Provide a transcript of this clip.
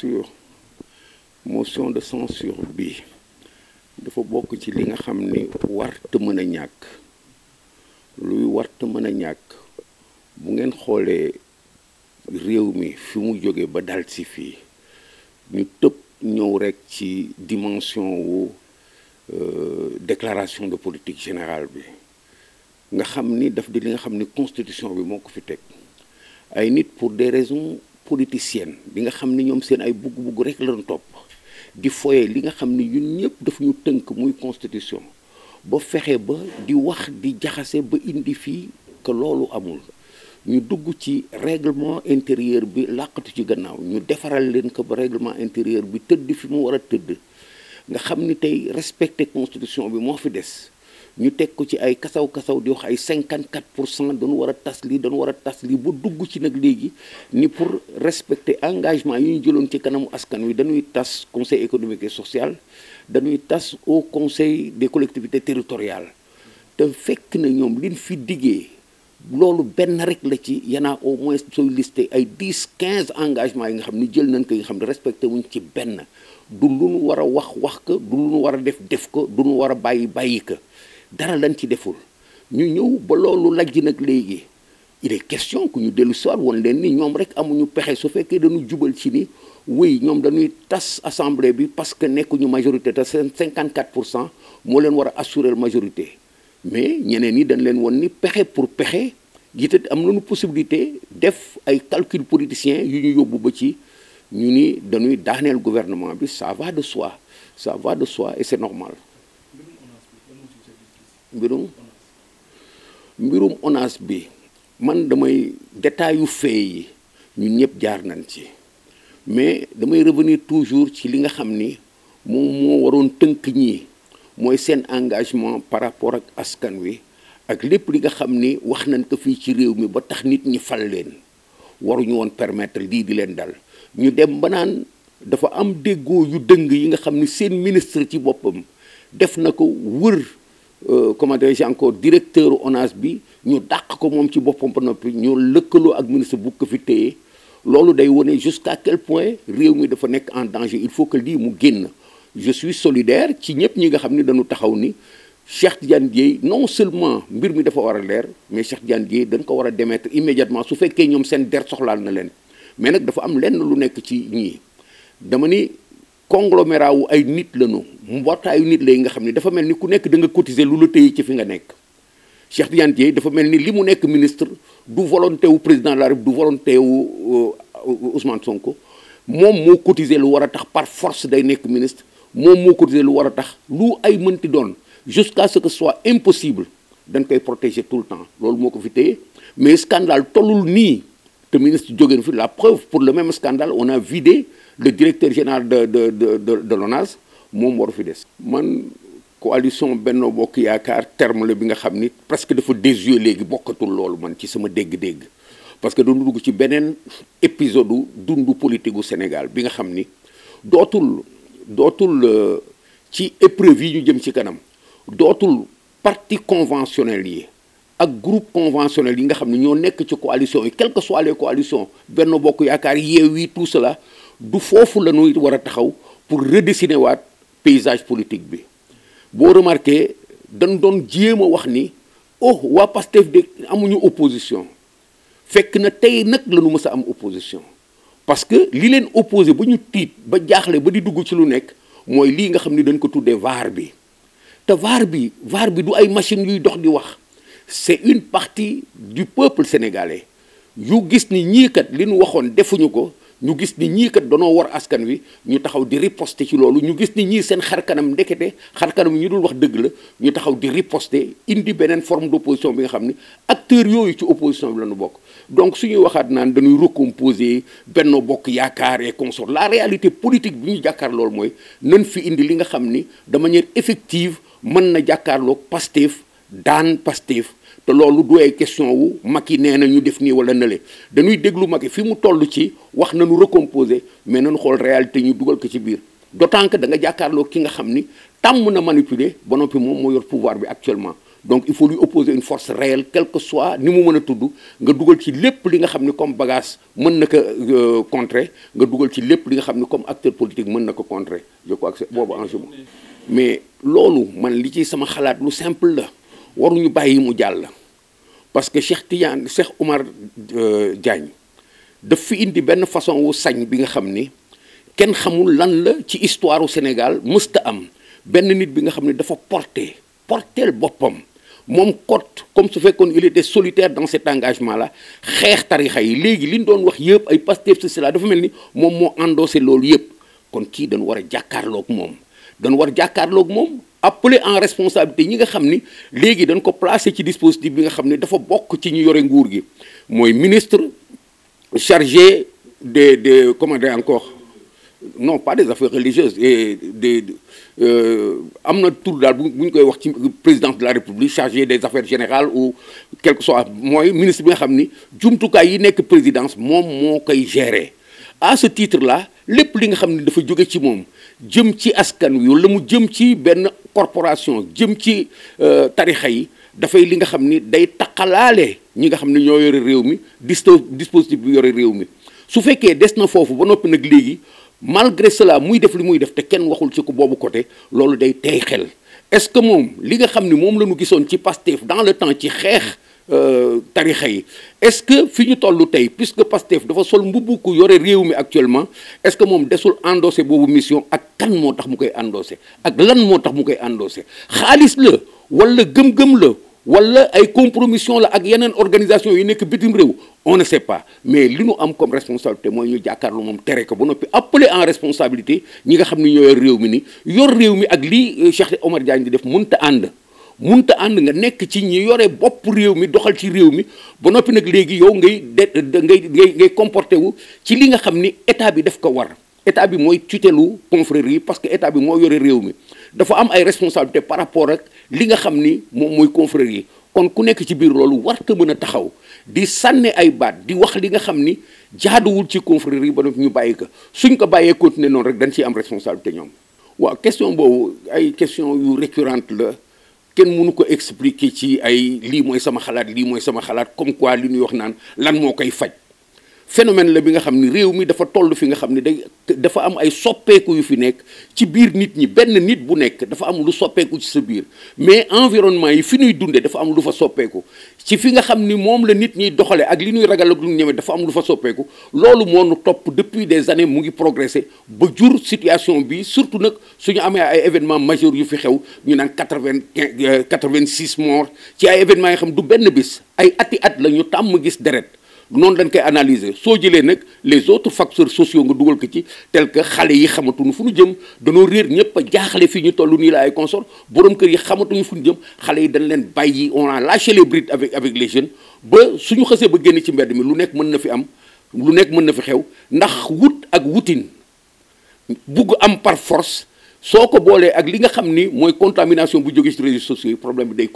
sur motion de censure bi dafa bokk ci li nga xam ni warta mën a ñàkk luy warta mën a ñàkk bu ngeen xoolee réew mi fi mu jógee ba dal si fii ñu tëb ñëw rekk ci dimension wu euh, déclaration de politique générale bi nga xam ni daf di li nga xam ni constitution bi moo ko fi teg ay nit pour des raisons politicienne bi nga xam ni ñoom seen ay bugg-bugg rek la doon topp di foye li nga xam ni ñun ñëpp daf ñu tënk muy constitution ba fexe ba di wax di jaxase ba indi fii que loolu amul ñu dugg ci règlement intérieur bi làqatu ci gannaaw ñu defaral leen ko ba reglement intérieur bi tëdd fi mu war a tëdd nga xam ni tey respecter constitution bi moo fi des ñu teg ko ci ay kasaw kasaw di wax ay cinquante 54 pour cent dañu war a tas lii dañu war a tas lii bu dugg ci nag léegi ni pour respecter engagement yi ñu jëloon ci kanamu askan wi dañuy tas conseil économique et social dañuy tas au conseil des collectivités territoriales te fekk na ñoom liñ fi diggee loolu benn rek la ci yanaa au moins sooy listé ay 10 15 engagements yi nga xam ni jël nañ ko yi nga xam ne respecté wuñ ci benn du lu nu war a wax wax ko du war a def def ko du nu war a bàyyi bàyyi ko dara lañ ci deful ñu ñëw ba loolu lajj nag léegi il est question ku ñu dellu soir woon leen ni ñoom rek amuñu pexe su fekkee dañu jubal ci ni oui ñoom dañuy tas assemblée bi parce que nekku ñu majorité te seen 54 pour cent moo leen war a assurer majorité mais ñeneen yi dañ leen woon ni pexe pour pexe gite am nañu possibilité def ay calcul politicien yu ñu yóbbu ba ci ñu ni dañuy daaneel gouvernement bi ça de soi ça de soi et c'est mbirum mbirum bi man damay détail yu fee yi ñu ñëpp jaar nañ ci mais damay revenir toujours ci li nga xam ni moom moo waroon tënk ñi mooy seen engagement par rapport ak askan wi ak lépp li nga xam ni wax nañ ko fii ci réew mi ba tax nit ñi fal leen waruñu woon permettre lii di leen dal ñu dem banaan dafa am déggoo yu dëng yi nga xam ni seen ministre ci boppam def na ko wër comment dirais-je encore directeur ONAS bi ñu dàq ko moom ci boppam ba noppi ñu lëkkaloo ak ministre bu ko fi téye loolu day wone jusqu'à quel point réew mi dafa nekk en danger il faut que lii mu génn je suis solidaire ci ñëpp ñi nga xam ni dañu taxaw ni Cheikh Tidiane Dièye non seulement mbir mi dafa war a leer mais Cheikh Tidiane Dièye dañ ko war a démettre immédiatement su fekkee ñoom seen der soxlaal na leen mais nag dafa am lenn lu nekk ci ñii ni conglomérat wu ay nit la ñu mbootaayu nit la yi nga xam ne dafa mel ni ku nekk danga nga cotiser lu la téye ci fi nga nekk Cheikh Tidiane Dièye dafa mel ni li mu nekk ministre du volonté wu président la République du volonté wu euh, Ousmane Sonko moom moo cotiser lu war a tax par force day nekk ministre moom moo cotiser lu war a tax lu ay mënti doon jusqu'à ce que soit impossible dañ koy protéger tout le temps loolu moo ko fi téye mais scandale tollul nii te ministre jógeen fi la pour le même scandale on le directeur général de de de de de l'ONAS moom fi des. man coalition Benno Bokk Yaakaar terme la bi nga xam ni presque dafa désuet léegi bokkatul loolu man ci sama dégg-dégg parce que dañu dugg ci beneen épisode dundu politique gu Sénégal bi nga xam ni dootul dootul euh, ci épreuve yi ñu jëm ci kanam dootul parti conventionnel yi. ak groupe conventionnel yi nga xam ne ñoo nekk ci coalition yi quelles que soient les coalitions Benno Bokk Yaakaar Yewwi tout cela du foofu la ñuy war a taxaw pour redessiner waat paysage politique bi boo remarqué dañ doon jéem a wax ni oh waa Pastef de amuñu opposition fekk na tey nag la ñu mës a am opposition parce que li leen opposé ba ñu tiit ba jaaxle ba di dugg ci lu nekk mooy lii nga xam ni dañ ko tuddee vaar bi te vaar bi vaar bi du ay machine yuy dox di wax c'est une partie du peuple sénégalais yu gis ni ñii kat li ñu waxoon defuñu ko ñu gis ni ñii kat danoo war askan wi ñu taxaw di riposte ci loolu ñu gis ni ñii seen xar kanam ndekete xar kanam ñu dul wax dëgg la ñu taxaw di riposte indi beneen forme d' opposition bi nga xam ni acteurs yooyu ci opposition bi la ñu bokk. donc suñuy waxaat naan dañuy recomposer Benno Bokk Yaakaar et consort la réalité politique bi ñu jàkkaar loolu mooy nan fi indi li nga xam ni de manière effective mën na jàkkaarlook Pastef daan Pastef. te loolu du ay question wu Macky nee na ñu def nii wala nële dañuy déglu Macky fi mu toll ci wax nañu recomposer mais nañu xool réalité ñu dugal ko ci biir d'autant que danga nga jàkkaarloo ki nga xam ni tàmm na manipuler ba noppi moom moo yor pouvoir bi actuellement donc il faut lui opposer une force réelle quel que soit ni mu mën a tudd nga dugal ci lépp li nga xam ni comme bagage mën na ko euh, contrer nga dugal ci lépp li nga xam ni comme acteur politique mën na ko contrer je crois que boobu enjeu mais loolu man li ci sama xalaat lu simple la waruñu bàyyi mu jàll parce que Cheikh Tidiane Cheikh Oumar euh, Diagne dafa fi indi benn façon wu sañ bi nga xam ni kenn xamul lan la ci histoire u Sénégal mësta am benn nit bi nga xam ne dafa porté porteel boppam moom kot comme su fekkoon il était solitaire dans cet engagement là xeex tarixa yi léegi li ñu doon wax yëpp ay Pastef si dafa mel ni moom moo endossé loolu yëpp kon kii dañu war a jàkkaarlook moom dañu war jàkkaarlook moom appeler en responsabilité ñi nga xam ni léegi dañ ko placer ci dispositif bi nga xam ne dafa bokk ci ñu yore nguur gi mooy ministre chargé des des comment dire encore non pas des affaires religieuses et des euh, am na tour daal bu ñu koy wax ci présidence de la république chargé des affaires générales ou quelque soit mooy ministre bi nga xam ni jumtukaay yi nekk présidence moom moo koy gérer. à ce titre là lépp li nga xam ne dafa jóge ci moom jëm ci askan wi la mu jëm ci benn corporation jëm ci euh, tarixa yi dafay li nga xam ni day taqalaale ñi nga xam ne ñoo yore réew mi dispositif bi yore réew mi su fekkee des na foofu ba noppi nag léegi malgré cela muy def li muy def te kenn waxul ci ko boobu côté loolu day tey xel est-ce que moom li nga xam ni moom la ñu gisoon ci Pastef dans le temps ci xeex Euh, tarixa yi est-ce que fi ñu toll tey puisque Pastef dafa sol mbubb ko yore réew mi actuellement est-ce que moom desul endossé boobu mission ak kan moo tax mu koy endossé ak lan moo tax mu koy endossé xaalis la walla gëm-gëm la walla ay compromission la ak yeneen organisation yu nekk bitim réew on ne sait pas mais li ñu am comme responsabilité mooy ñu jàkkaarloo moom tere ko ba noppi appeler en responsabilité ñi nga xam ni ñoo yor réew mi ni yor réew mi ak lii euh, Cheikh Omar Diagne di def mënta ànd munta ànd nga nekk ci ñi yore bopp réew mi doxal ci réew mi ba noppi nag léegi yow ngay de ngay ngay ngay comporté wu ci li nga xam ni état bi daf ko war état bi mooy tutelu confrérie yi parce que état bi moo yore réew mi dafa am ay responsabilité par rapport ak li nga xam ni moom mooy confrérie yi kon ku nekk ci biir loolu war warta mën a taxaw di sànne ay baat di wax li nga xam ni jaaduwul ci confrérie yi ba noppi ñu bàyyi ko suñ ko bàyyee continuer noonu rek dañ ciy am responsabilité ñoom waaw question boobu ay question yu récurrente la kenn mënu ko expliquer ci ay lii mooy sama xalaat lii mooy sama xalaat comme quoi li ñuy wax naan lan moo koy faj phénomène la bi nga xam ni réew mi dafa toll fi nga xam ni day dafa am ay soppeeku yu fi nekk ci biir nit ñi benn nit bu nekk dafa am lu soppeeku ci sa biir mais environnement yi fi ñuy dundee dafa am lu fa soppeeku ci fi nga xam ni moom la nit ñiy doxale ak li ñuy ragal ak lu ñu ñeme dafa am lu fa soppeeku loolu moo nu topp depuis des années mu ngi progressé ba jur situation bi surtout nag su ñu amee ay événements majeurs yu fi xew ñu naan quatre-vingt-quinze euh, quatre-vingt-six morts ci ay événements yoo xam du benn bis ay ati at la ñu tàmm gis deret noonu dañ koy analyser soo jëlee nag les autres facteurs sociaux nga dugal ko ci tel que xale yi xamatuñu fu ñu jëm danoo réer ñëpp a jaaxle fii ñu toll nii la ay consor boroom kër yi xamatuñu fu ñu jëm xale yi dañ leen bàyyi on a lâché les brides avec avec les jeunes ba su ñu xasee ba génn ci mbedd mi lu nekk mën na fi am lu nekk mën na fi xew ndax wut ak wutin bugg am par force soo ko boolee ak li nga xam ni mooy contamination bu jóge ci réseaux sociaux yi problème bi day